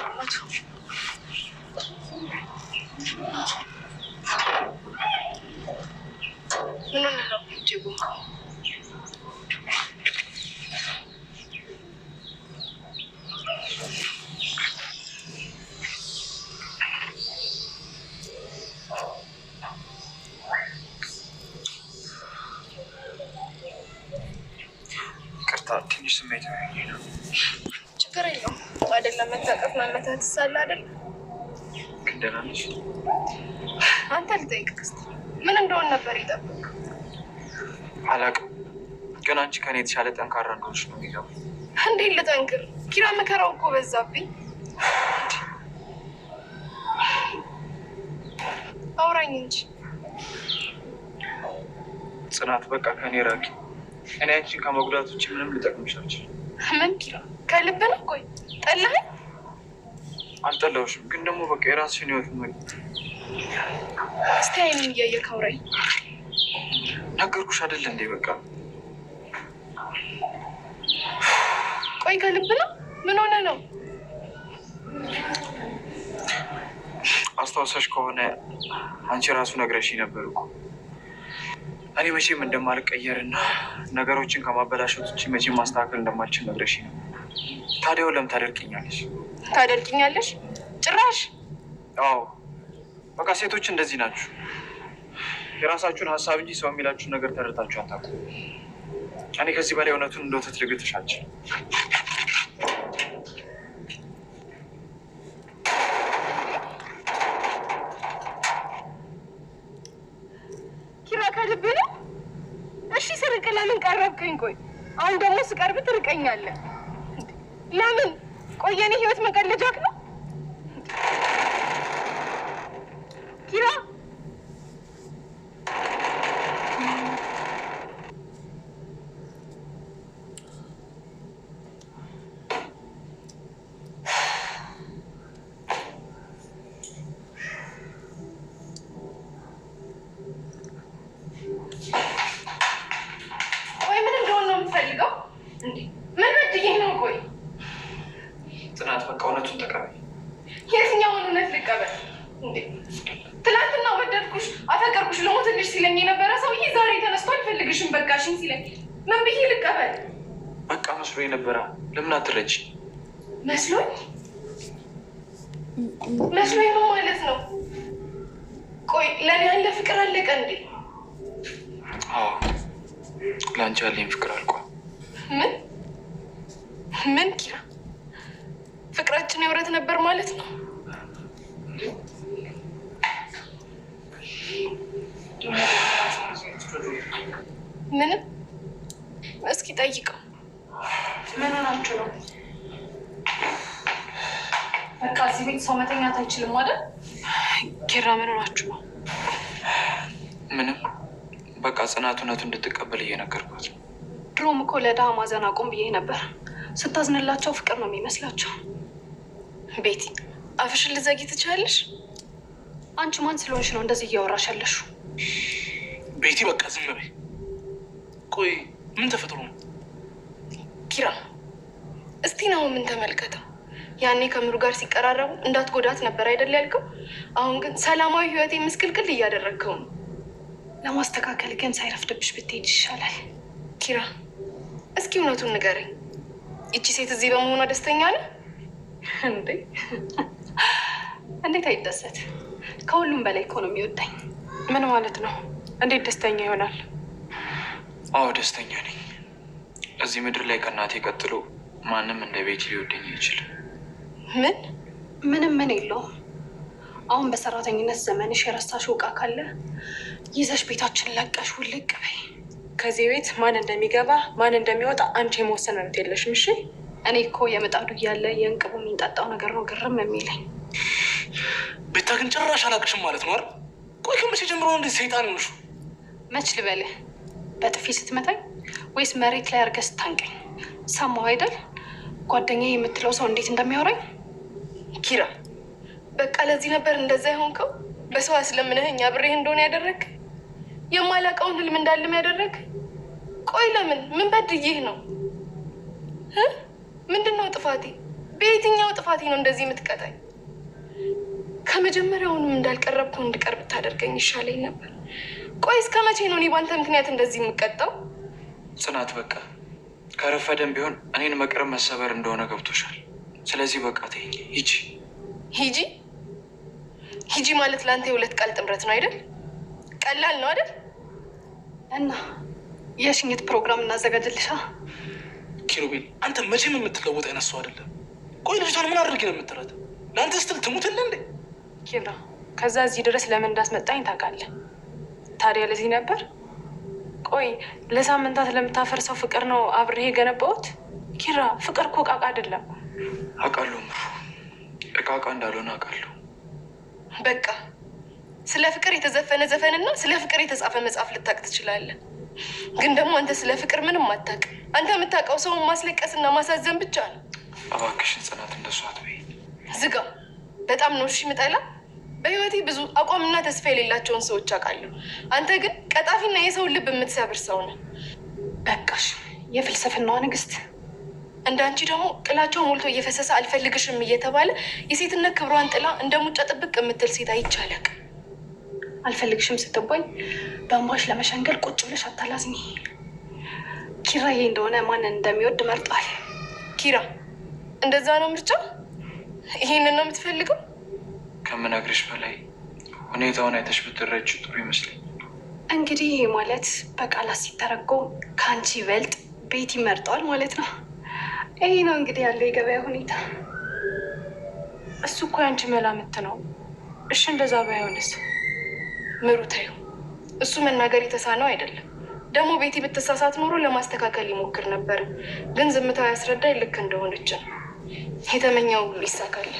我操！no no no，别过。该打，停止美颜，你。ችግር የለውም። አይደለም መታቀፍ መመታት ሳለ አይደለም አንተ ልጠይቅ እስኪ ምን እንደሆን ነበር የጠበቅ አላውቅም፣ ግን አንቺ ከኔ የተሻለ ጠንካራ እንደሆንሽ ነው የሚገባ። እንዴት ልጠንክር? ኪራ መከራው እኮ በዛብኝ። አውራኝ እንጂ ጽናት፣ በቃ ከኔ ራቂ። እኔ አንቺን ከመጉዳት ውጭ ምንም ልጠቅምሽ አልችልም። ምን ኪራ ከልብ ነው? ቆይ ጠላኸኝ? አልጠላሁሽም፣ ግን ደግሞ በቃ የራስሽን ህይወት ነው። እስቲ አይኔን እያየ አውራኝ። ነገርኩሽ አይደል እንዴ? በቃ ቆይ ከልብ ነው? ምን ሆነ ነው? አስታውሰሽ ከሆነ አንቺ ራሱ ነግረሽ ነበር እኮ እኔ መቼም እንደማልቀየርና ነገሮችን ከማበላሸቶች መቼም ማስተካከል እንደማልችል ነግረሽ ነበር። ታዲያው ለምን ታደርቅኛለሽ? ታደርቅኛለሽ ጭራሽ? አዎ በቃ ሴቶች እንደዚህ ናችሁ። የራሳችሁን ሀሳብ እንጂ ሰው የሚላችሁን ነገር ተረታችሁ አታውቁም። እኔ ከዚህ በላይ እውነቱን እንደወተት ልግልጥሽ አልችልም። ኪራ ከልብ ነው? እሺ ስርቅ ለምን ቀረብከኝ? ቆይ አሁን ደግሞ ስቀርብ ትርቀኛለህ። ለምን ቆየኔ ህይወት መቀለጃክ ነው ኪራ ወይ ምን እንደሆነ ነው የምትፈልገው እንዴ ምን በድዬ ነው ቆይ ጽናት በቃ እውነቱን ተቀበል። የትኛውን እውነት ልቀበል እንዴ? ትላንትና ወደድኩሽ፣ አፈቀርኩሽ፣ ልሞትልሽ ሲለኝ የነበረ ሰውዬ ዛሬ ተነስቶ አልፈልግሽም በቃሽኝ ሲለኝ ምን ብዬ ልቀበል? በቃ መስሎ የነበረ ለምን አትረጅ? መስሎኝ መስሎ ነው ማለት ነው። ቆይ ለእኔ ያለ ፍቅር አለቀ እንዴ? ለአንቺ ያለኝ ፍቅር አልቋል። ምን ምን ኪራ ፍቅራችን የውረት ነበር ማለት ነው። ምንም እስኪ ጠይቀው። ምን ሆናችሁ ነው? በቃ እዚህ ቤት ሰው መተኛት አይችልም አይደል? ኪራ ምን ሆናችሁ ነው? ምንም በቃ ጽናት እውነቱ እንድትቀበል እየነገርኳት ነው። ድሮም እኮ ለድሃ ማዘን አቁም ብዬ ነበር። ስታዝንላቸው ፍቅር ነው የሚመስላቸው። ቤቲ አፍሽን ልዘጊ ትችላለሽ? አንቺ ማን ስለሆንሽ ነው እንደዚህ እያወራሽ ያለሹ? ቤቲ በቃ ዝም በይ። ቆይ ምን ተፈጥሮ ነው? ኪራ እስቲ ነው ምን ተመልከተው። ያኔ ከምሩ ጋር ሲቀራረቡ እንዳትጎዳት ነበር አይደል ያልከው? አሁን ግን ሰላማዊ ህይወቴ ምስቅልቅል እያደረግከው ነው። ለማስተካከል ግን ሳይረፍድብሽ ብትሄጅ ይሻላል። ኪራ እስኪ እውነቱን ንገረኝ፣ ይቺ ሴት እዚህ በመሆኗ ደስተኛ ነው? እንዴ እንዴት አይደሰት? ከሁሉም በላይ እኮ ነው የሚወዳኝ። ምን ማለት ነው? እንዴት ደስተኛ ይሆናል? አዎ ደስተኛ ነኝ። እዚህ ምድር ላይ ከእናቴ ቀጥሎ ማንም እንደ ቤት ሊወደኝ አይችልም። ምን ምንም ምን የለውም። አሁን በሰራተኝነት ዘመንሽ የረሳሽው እቃ ካለ ይዘሽ ቤታችን ለቀሽ ውልቅ በይ። ከዚህ ቤት ማን እንደሚገባ ማን እንደሚወጣ አንቺ የመወሰን መብት የለሽም። እሺ እኔ እኮ የምጣዱ እያለ የእንቅቡ የሚንጣጣው ነገር ነው ግርም የሚለኝ። ቤታ ግን ጭራሽ አላቅሽም ማለት ነው። ቆይ ከመቼ ጀምሮ እንዴት ሰይጣን ነሽ? መች ልበልህ፣ በጥፊ ስትመታኝ ወይስ መሬት ላይ አድርገህ ስታንቀኝ? ሰማሁ አይደል ጓደኛ የምትለው ሰው እንዴት እንደሚያወራኝ። ኪራ በቃ ለዚህ ነበር እንደዛ የሆንከው። በሰው አስለምነህኝ አብሬህ እንደሆነ ያደረግ የማላውቀውን ህልም እንዳልም ያደረግ። ቆይ ለምን ምን በድዬህ ነው? ምንድን ነው ጥፋቴ? በየትኛው ጥፋቴ ነው እንደዚህ የምትቀጣኝ? ከመጀመሪያውንም እንዳልቀረብኩ እንድቀርብ ታደርገኝ ይሻለኝ ነበር። ቆይ እስከ መቼ ነው እኔ ባንተ ምክንያት እንደዚህ የምቀጣው? ጽናት በቃ ከረፈደም ቢሆን እኔን መቅረብ መሰበር እንደሆነ ገብቶሻል። ስለዚህ በቃ ተይኝ፣ ሂጂ ሂጂ ሂጂ። ማለት ለአንተ የሁለት ቃል ጥምረት ነው አይደል? ቀላል ነው አይደል? እና የሽኝት ፕሮግራም እናዘጋጅልሻ ኪሩቤል አንተ መቼም የምትለወጥ አይነት ሰው አይደለም። ቆይ ልጅቷን ምን አድርጌ ነው የምትረት? ለአንተ ስትል ትሙትል እንዴ? ኪብራ ከዛ እዚህ ድረስ ለምን እንዳስመጣኝ ታውቃለህ። ታዲያ ለዚህ ነበር። ቆይ ለሳምንታት ለምታፈርሰው ፍቅር ነው አብሬ የገነባሁት። ኪራ ፍቅር እኮ ቃቃ አይደለም። አውቃለሁ ምሩ፣ እቃቃ እንዳልሆነ አውቃለሁ። በቃ ስለ ፍቅር የተዘፈነ ዘፈንና ስለ ፍቅር የተጻፈ መጽሐፍ ልታቅ ትችላለህ። ግን ደግሞ አንተ ስለ ፍቅር ምንም አታውቅም። አንተ የምታውቀው ሰውን ማስለቀስና ማሳዘን ብቻ ነው። እባክሽን ጽናት፣ እንደሱ አትበይ። ዝጋ። በጣም ነው እሺ ምጠላ። በህይወቴ ብዙ አቋምና ተስፋ የሌላቸውን ሰዎች አውቃለሁ። አንተ ግን ቀጣፊና የሰውን ልብ የምትሰብር ሰው ነው። በቃሽ፣ የፍልስፍናዋ ንግስት። እንዳንቺ ደግሞ ጥላቸው ሞልቶ እየፈሰሰ አልፈልግሽም እየተባለ የሴትነት ክብሯን ጥላ እንደ ሙጫ ጥብቅ የምትል ሴት አይቻለቅ አልፈልግሽም ስትባይ በእንባሽ ለመሸንገል ቁጭ ብለሽ አታላዝኝ። ይሄ እንደሆነ ማንን እንደሚወድ መርጧል። ኪራ እንደዛ ነው ምርጫ? ይሄንን ነው የምትፈልገው? ከምነግርሽ በላይ ሁኔታውን አይተሽ ብትረጅ ጥሩ ይመስለኝ። እንግዲህ ይሄ ማለት በቃላት ሲተረጎም ከአንቺ ይበልጥ ቤት ይመርጠዋል ማለት ነው። ይሄ ነው እንግዲህ ያለው የገበያ ሁኔታ። እሱ እኮ የአንቺ መላምት ነው። እሺ እንደዛ ባይሆንስ? ምሩታዩ እሱ መናገር የተሳነው አይደለም። ደግሞ ቤቲ ብትሳሳት ኖሮ ለማስተካከል ይሞክር ነበር፣ ግን ዝምታው ያስረዳ ልክ እንደሆነች ነው። የተመኘው ይሳካል።